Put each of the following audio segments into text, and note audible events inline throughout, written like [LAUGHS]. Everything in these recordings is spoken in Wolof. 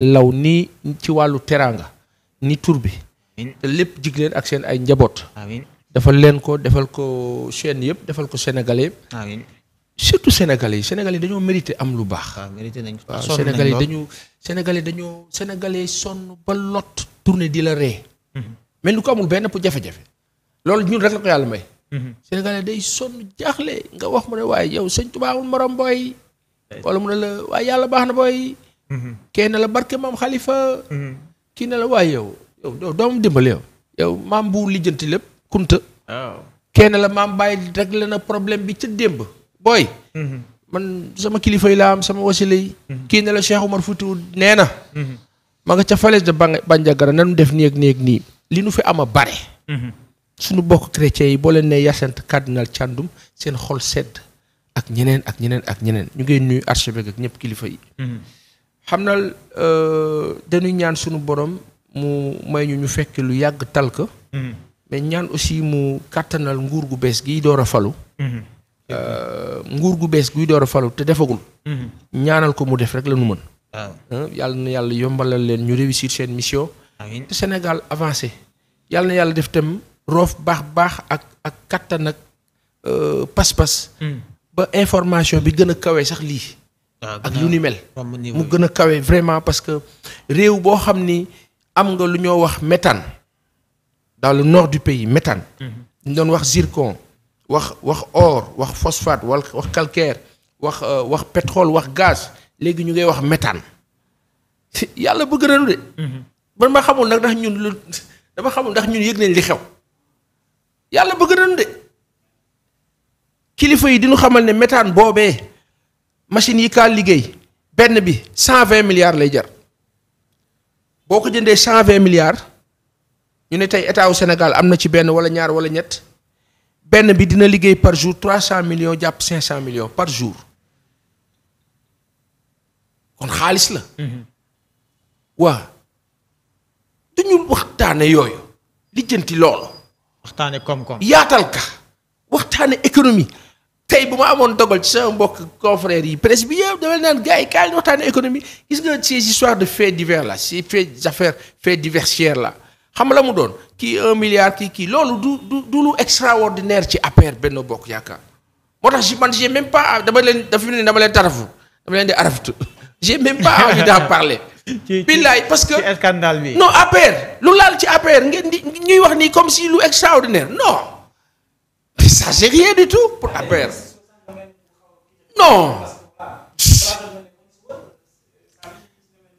law nii ci wàllu teraanga ni tur bi te lépp jig ak seen ay njaboot defal leen ko defal ko chaîne yëpp defal ko sénégalais yëpp surtout sénégalais yi sénégalais yi dañoo mérité am lu baax waaw sénégalais yi dañu sénégalais dañoo sénégalais sonn ba lot tourné di la ree mel mhm. ni ko amul benn pour jafe-jafe loolu ñun rek la ko yàlla may mhm. sénégalais day sonn jaaxle nga wax mu ne waaye yow sëñ tubaabul morom booy eh. wala mu ne la waaye yàlla baax na booy Mm-hmm. kee na la barke maam xalifa mm-hmm. kii na la waaye yow yow doomam dimbali yow yow maam bu lijjanti lépp kunta oh. kee na la maam bàyyi rek la na problème bi ca démb booy mm-hmm. man sama kilifa yi laa am sama wasila yi kii na la Cheikh Omar Foutiyou nee na ma nga ca falaise de Bandiagara nanu def nii ak nii ak nii li nu fi ama bare sunu bokk chrétiens yi boo leen ne Hyacinthe cardinal Thiandoum seen xol sedd ak ñeneen ak ñeneen ak ñeneen ñu ngi nuyu archevêque ak ñëpp kilifa yi xam na euh, dañuy ñaan suñu borom mu may ñu ñu fekk lu yàgg tal ko mhm. mais ñaan aussi mu kàttanal nguur gu bees giy door a falu mhm. euh, nguur gu bees guy door a falu te defagul mhm. ñaanal ko mu def rek la ñu mën ah. yàlla na yàlla yombalal leen ñu réussir seen mission te Sénégal avancé yàlla na yàlla def tam roof baax baax ak ak kattan ak euh, pas-pas ba information bi gën a kawe sax lii Ah, ak lu ni mel mu gën a kawe vraiment parce que réew boo xam ni am nga lu ñoo wax méthane dans le nord du pays méthane mhm. ñu doon wax zircon wax wax or wax phosphate wax wax calcaire wax euh, wax wax gaz léegi ñu ngay wax méthane [LAUGHS] yàlla bëgg nañu de mhm. man ma xamul ndax ñun lu dama xamul ndax ñun yëg nañ li xew yàlla bëgg nañu de kilifa yi diñu xamal ne méthane boobee machines yi kaa liggéey benn bi cent vingt milliards lay jar boo ko jëndee cent vingt milliards ñu ne tey état wu Sénégal am na ci benn wala ñaar wala ñett benn bi dina liggéey par jour trois cent millions jàpp cinq cent millions par jour kon xaalis la. Mhm. waa duñu waxtaane yooyu lijjanti loolu. waxtaane koom-koom yaatal ka waxtaane économie. tey bu ma amoon dogal ci sama mbokk confrères yi presse bi yëpp dama naan gars yi kaay waxtaane économie gis nga ces histoires de faits divers là ces faits affaires faits diversières là xam la mu doon kii un milliard kii kii loolu du du du lu extraordinaire ci affaire Benno Bokk Yaakaar moo tax man j'ai pas dama leen dafa ne dama leen tarafu dama leen di araftu [LAUGHS] j'ai même pas envie d'en parler [LAUGHS] billaay parce que scandale bi non affaire lu laal ci affaire ngeen di ñuy wax nii comme si lu non Il ne s'agit rien du tout pour APR. Non.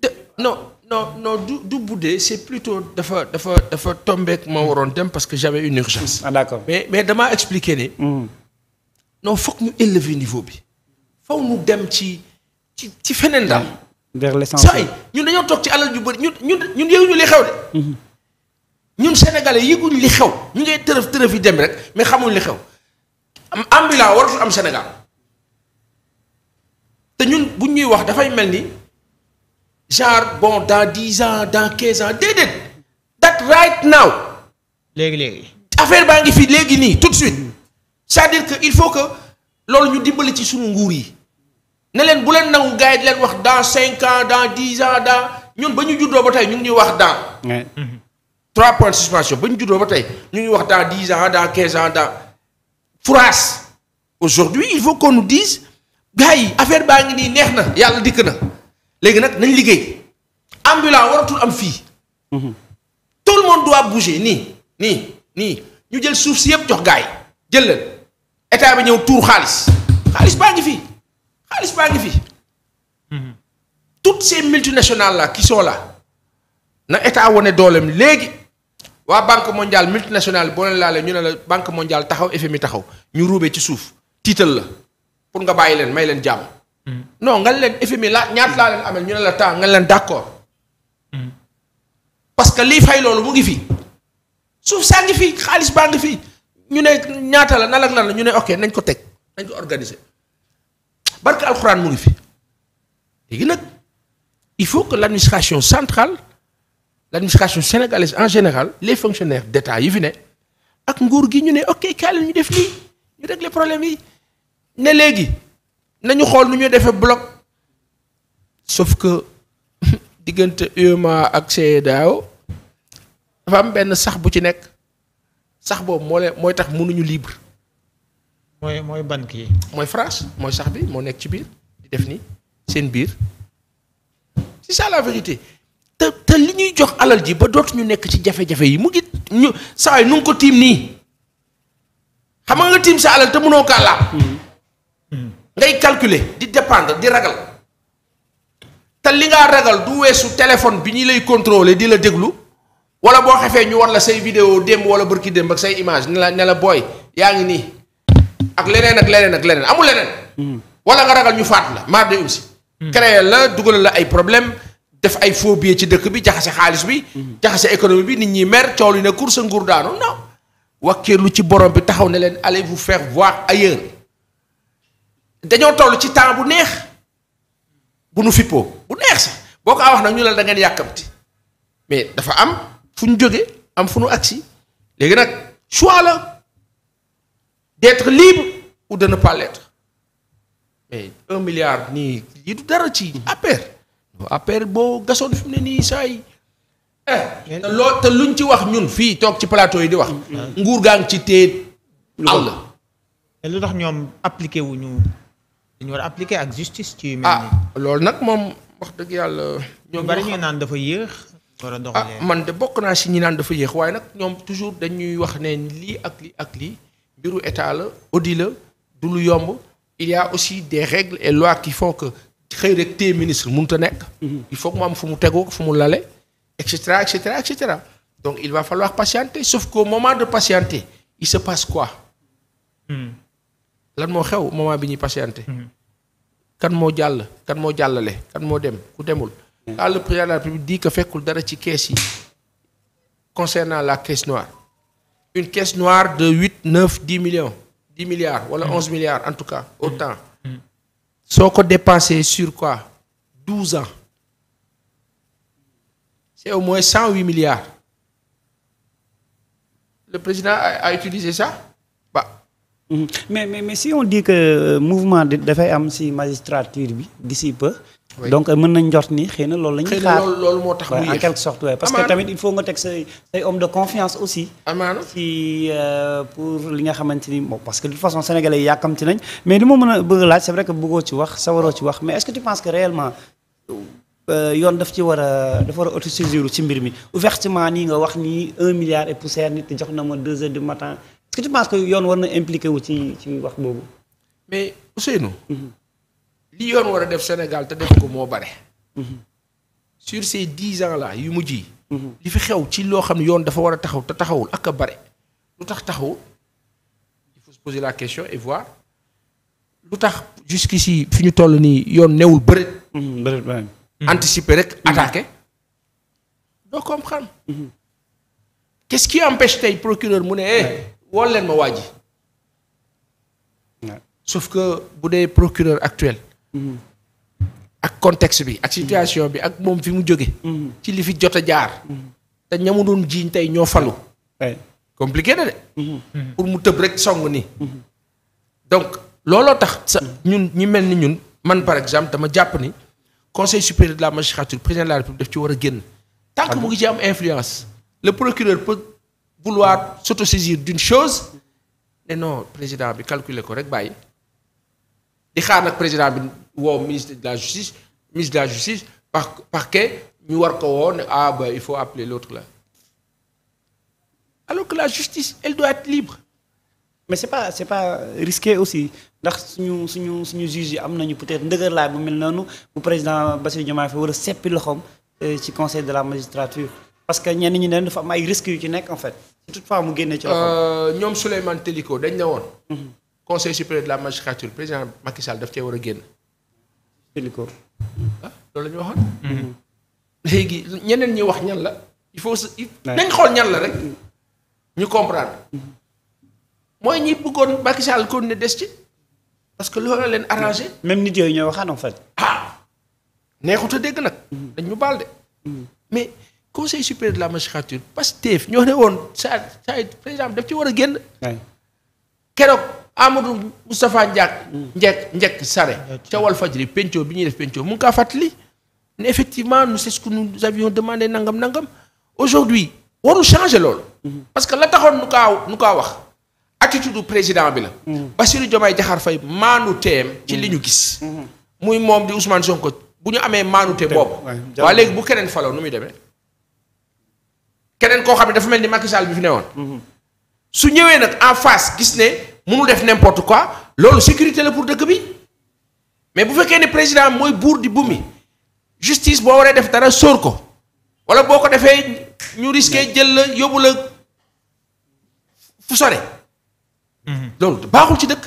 De, non. non du buddee c'est plutôt dafa dafa dafa tombeek ma waroon dem parce que j'avais une urgence. ah mais mais damaa expliquer ne. Hmm. non foog ñu élever niveau bi. faw ñu dem ci ci ci feneen daal. vers l'essentiel saa yi ñun dañoo toog ci alal ju bëri ñun ñun ñun yëguñu li xew de. Hmm. ñun sénégalais yëguñ li xew ñu ngay tërëf tërëf yi dem rek mais xamuñ li xew ambulant waratul am Sénégal te ñun bu ñuy wax dafay mel ni genre bon dans dix ans dans quinze ans déedéet that right now. léegi léegi. affaire baa ngi fi léegi nii tout de suite que il faut que loolu ñu dimbali ci suñu nguur yi ne leen bu leen nangu gars di leen wax dans cinq ans dans dix ans dans ñun ba ñu juddoo ba tey ñu ngi ñuy wax dans. Mm-hmm. trois points de suspension ba ñu juddoo ba tey ñu ngi wax dans dix ans dans quinze ans dans France aujourd'hui il faut qu'on nous dise gars yi affaire baa ngi nii neex na yàlla dikk na léegi nag nañ liggéey ambulant waratul am fii mhm. tout le monde doit bouger nii nii nii ñu jël suuf si yëpp jox gars jël leen état bi ñëw tuur xaalis xaalis baa ngi fii xaalis baa ngi fii mhm. toutes ces multinationales la qui sont na état wane dooleem léegi waa banque mondiale multinationale boo leen laalee ñu ne la banque mondiale taxaw FMI taxaw ñu ruubee ci suuf tiital la pour nga bàyyi leen may leen jàmm. Hmm. non nga leen FMI laa ñaat laa leen amel ñu ne la temps nga leen d' accord. Hmm. parce que lii fay loolu mu ngi fii suuf saa ngi fi xaalis baa ngi fi ñu ne ñaata la nan ak lan la ñu ne ok nañ ko teg nañ ko organiser barke alxuraan mu ngi fi léegi nag il faut que l' administration centrale. l'administration sénégalaise en général les fonctionnaires d'État yi fi ne ak nguur gi ñu ne ok kaay la ñu def lii ñu régler problème yi ne léegi nañu xool nu ñuy defee bloc sauf que [LAUGHS] diggante UEMOA ak CEDEAO dafa am benn sax bu ci nekk sax boobu moo leen mooy tax mënuñu libre. mooy mooy ban kii. mooy France mooy sax bi moo nekk ci biir di def nii seen biir c'est ça la vérité. te te li ñuy jox alal ji ba dootuñu nekk ci jafe-jafe yi mu ngi ñu saa yi nu ngi ko tiim nii xam nga tiim sa alal te mënoo kaa laal mm-hmm. ngay calculer di dépendre di ragal te li ngaa ragal du weesu téléphone bi ñu lay contrôler di la déglu wala boo xefee ñu war la say vidéo démb wala bërki démb ak say image ne la ne la booy yaa ngi nii ak leneen ak leneen ak leneen amul leneen mm-hmm. wala nga ragal ñu faat la maar de um si mm-hmm. créer la dugal la ay problème def ay faux billets ci dëkk bi jaxase xaalis bi. Mhm. jaxase économie bi nit ñi mer coow li ne course sa nguur daanu non. wakkeelu ci borom bi taxaw ne leen allez bu faire voir ailleurs dañoo toll ci temps bu neex bu nu fippoo bu neex sax boo ko wax nag ñu lal da ngeen yàkkamti mais dafa am fu ñu jóge am fu nu agsi léegi nag choix la d'être libre ou de paletre mais un milliard nii lii du dara ci mhm. affaire. affaire boo gasoon fi ne nii saa yi eh te loo te luñ ci wax ñun fii toog ci plateau yi di wax. Mm-hmm. Mm-hmm. nguur gaa ngi ci téye àll. lu tax ñoom appliqué wu ñu dañu war a ak justice. ci yu mel nii ah, loolu nag moom wax dëgg yàlla. ñoo bari ñu naan dafa yéex. ah man de bokk naa si ñi naan dafa yéex waaye nag ñoom toujours dañuy wax ne lii ak lii ak lii mbiru état la audit la du lu yomb il y aussi des règles et lois qui font que xëy rek téye ministre mun a nekk. Mhm. il faut que mu am fu mu tegu fu mu lale. et cetera et cetera et cetera donc il va falloir patienter sauf qu'au moment de patienter il se passe quoi. Mhm. lan moo xew moment bi ñuy patienter. Mhm. kan moo jàll kan moo jàllale kan moo dem ku demul. quand le président de la République fekkul dara ci kees yi. concernant la caisse noire. une caisse noire de huit neuf dix millions dix milliards wala voilà onze milliards en tout cas autant. soo ko dépensé sur quoi douze ans c'est au moins cent huit milliards le président a, a utilisé ça Mhm. mais mais mais si on dit que euh, mouvement dafay am si magistrature bi d'ici donc euh, mën nañ njort ni xëy na loolu la ñuy xaar loolu moo tax en quelque sorte ouais. parce que tamit il faut nga teg say say homme de confiance aussi euh, ni bon parce que façon sénégalais yàkkamti nañ mais li ma mën a bëgg laaj c'est vrai que bëggoo ci wax sawaroo ci wax mais est-ce que tu penses que réellement yoon daf ci war a dafa war a ci mbir mi ouvertement nii nga wax nii un milliard et poussière nit jox na ma deux heures du matin est-ce que que yoon war na impliqué wu ci ci wax boobu. mais Ousseynou. Mhm. li yoon war a def Sénégal te def ko moo bare. Mhm. sur ces dix ans là yu mujj yi. Mhm. li fi xew ci loo xam ne yoon dafa war a taxaw te taxawul ak a bare. lu tax taxawul il faut la question et voir lu tax jusqu'ici fi ñu toll nii yoon newul bëri. bëri anticiper rek attaquer. doo comprendre. quest empêche tey procureur mu ne. Eh, wool leen ma waa ji sauf que bu dee procureur actuel mm-hmm. ak contexte bi ak situation bi ak moom fi mu jóge mm-hmm. ci li fi jot a jaar mm-hmm. te ñamu doon jiiñ tey ñoo falu compliqué na de pour mu tëb rek song ni donc looloo tax sa ñun ñi mel ni ñun man par exemple dama jàpp ni conseil supérieur de la magistrature président de la république def ci war a génn tant ah mu ngi ci am influence le procureur vouloir s'autosaisir d'une chose ne non président bi calculer ko rek bàyyi di xaar nag président bi woo ministre de la justice ministre de la justice ñu war ko woo ne ah bah il faut appeler l'autre là alors que la justice elle doit être libre mais c'est pas c'est pas risqué aussi ndax suñu suñu suñu juge yi am nañu peut-être ndëgërlaay bu mel noonu bu président Bassirou Diomaye Faye war a seppi loxoom euh, ci conseil de la magistrature parce que ñenn ñi ne dafa am ay risques yu ci nekk en fait toutefois mu génne ci loxo. Euh, ñoom Souleymane Téliko dañ ne woon. Mhm. conseil supérieur de la magistrature président Macky Sall daf cee war a génn. Téliko. ah loolu la ñu waxoon. Mhm. léegi ñeneen ñi wax ñan la. il faut nañ xool ñan la rek. Mhm. ñu comprendre. mooy ñi bëggoon Macky Sall kon ne des ci. parce que loolu leen arrangé. même nit yooyu ñoo waxaan fa fait. ah neexut a dégg nag. dañ ñu baal de. conseil supérieur de la magistrature Pastef ñoo ne woon saa saa président daf ci war a génn. keroog Amadou Moustapha Ndiak. Mm. Ndiak Ndiak Sare. ca Walfadjri penco bi ñuy def penco mu ngi kaa fàttali. ne effectivement nous c'est ce que nous demandé nangam nangam aujourd'hui waru changer loolu. Mm-hmm. parce que la taxoon nu kaa nu kaa wax. attitude du président bi la. Mm-hmm. Bassirou Diomaye Diakhar Faye maanu teem. ci li mm-hmm. ñu gis. muy moom di Ousmane Sonko bu ñu amee maanu boobu. waaw bu keneen faloo nu muy demee. keneen koo xam ne dafa mel ni Macky Sall bi fi newoon. Mhm. su ñëwee nag en face gis ne mu mënul def n'importe quoi loolu sécurité la pour dëkk bi mais bu fekkee ne président mooy buur di bumi justice boo waree def dara sóor ko wala boo ko defee ñu risqué jël la yóbbu la fu sore. Mhm. loolu baaxul ci dëkk.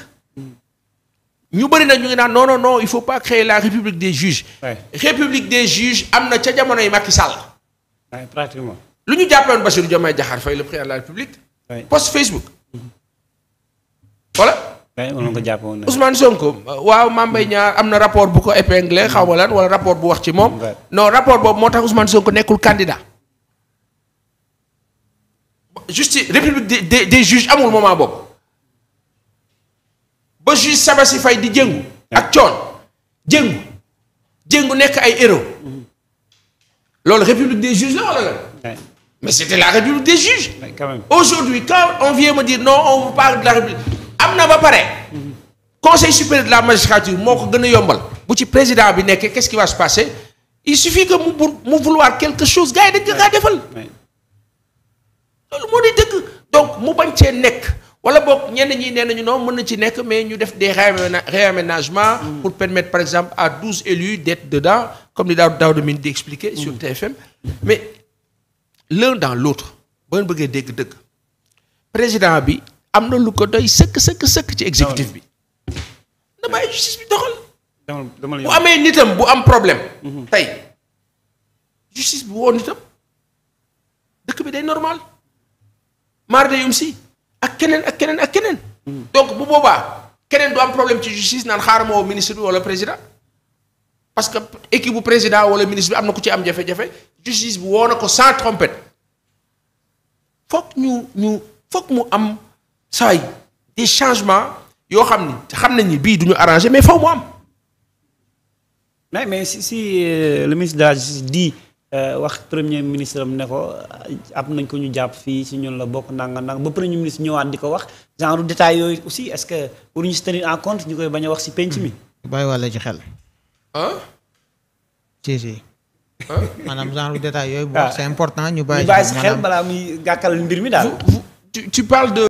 ñu bëri nag ñu ngi naan non non il faut pas créer la république des juges. Ouais. république des juges am na ca jamonoy Macky Sall. pratiquement. lu ñu jàppaloon Bassirou Diomaye Diakhar Faye le président de la République. post Facebook. voilà. Ousmane Sonko waaw Mame Mbaye Niang am na rapport bu ko épinglé xaw laan lan wala rapport bu wax ci moom. non rapport boobu moo tax Ousmane Sonko nekkul candidat. justice république des des des juges amul moment boobu ba juge Sabassi Faye di jëngu. ak coon jëngu jëngu nekk ay héros. Mm-hmm. loolu république des juges la wala la. mais c'était la république des juges. quand même aujourd'hui quand on vient me dire non on vous parle de la république am na ba pare. conseil supérieur de la magistrature moo ko gën a yombal. bu ci président bi nekkee qu'est-ce qui va se passer il suffit que mu mu vouloir quelque chose gars yi dañ ko kaa defal. loolu moo di donc mu bañ cee nekk wala boog ñenn ñi nee nañu noonu mën na ci nekk mais ñu def des réaménagements mm. pour permettre par exemple à douze élus d'être dedans comme li daaw daaw de min di expliquer sur TFM mm. mais l'un dans l'autre ba ngeen bëggee dégg dëkk président bi am na lu ko doy sëkk sëkk sëkk ci exécutif bi na bàyyi justice bi doxal bu amee nitam bu am problème mhm. tey justice bi woo nitam dëkk bi day normal maar de si ak keneen ak keneen ak keneen mhm. donc bu boobaa keneen du am problème ci justice naan xaaral ministre bi wala président parce que équipe bu président wala ministre bi am na ku ci am jafe-jafe justice bi woo na ko sans trompette foog ñu ñu foog mu am saay des changements yoo xam ni xam nañ ni bii duñu ñu arrangé mais faw mu am. mais mais si si euh, le ministre de justice dit euh, wax premier ministre am ne ko euh, am nañ ko ñu jàpp fii si ñun la bokk ndànk ndànk ba premier ministre ñëwaat di ko wax genre détail yooyu aussi est-ce que waruñu si tenir en compte ñu koy bañ a wax si penc mi. bàyyi wàll ci xel. ah. maanaam genre détail yooyu. waaw c'est important ñu bàyyi. ñu bàyyi si xel balaa muy gàkkal mbir mi daal. tu parles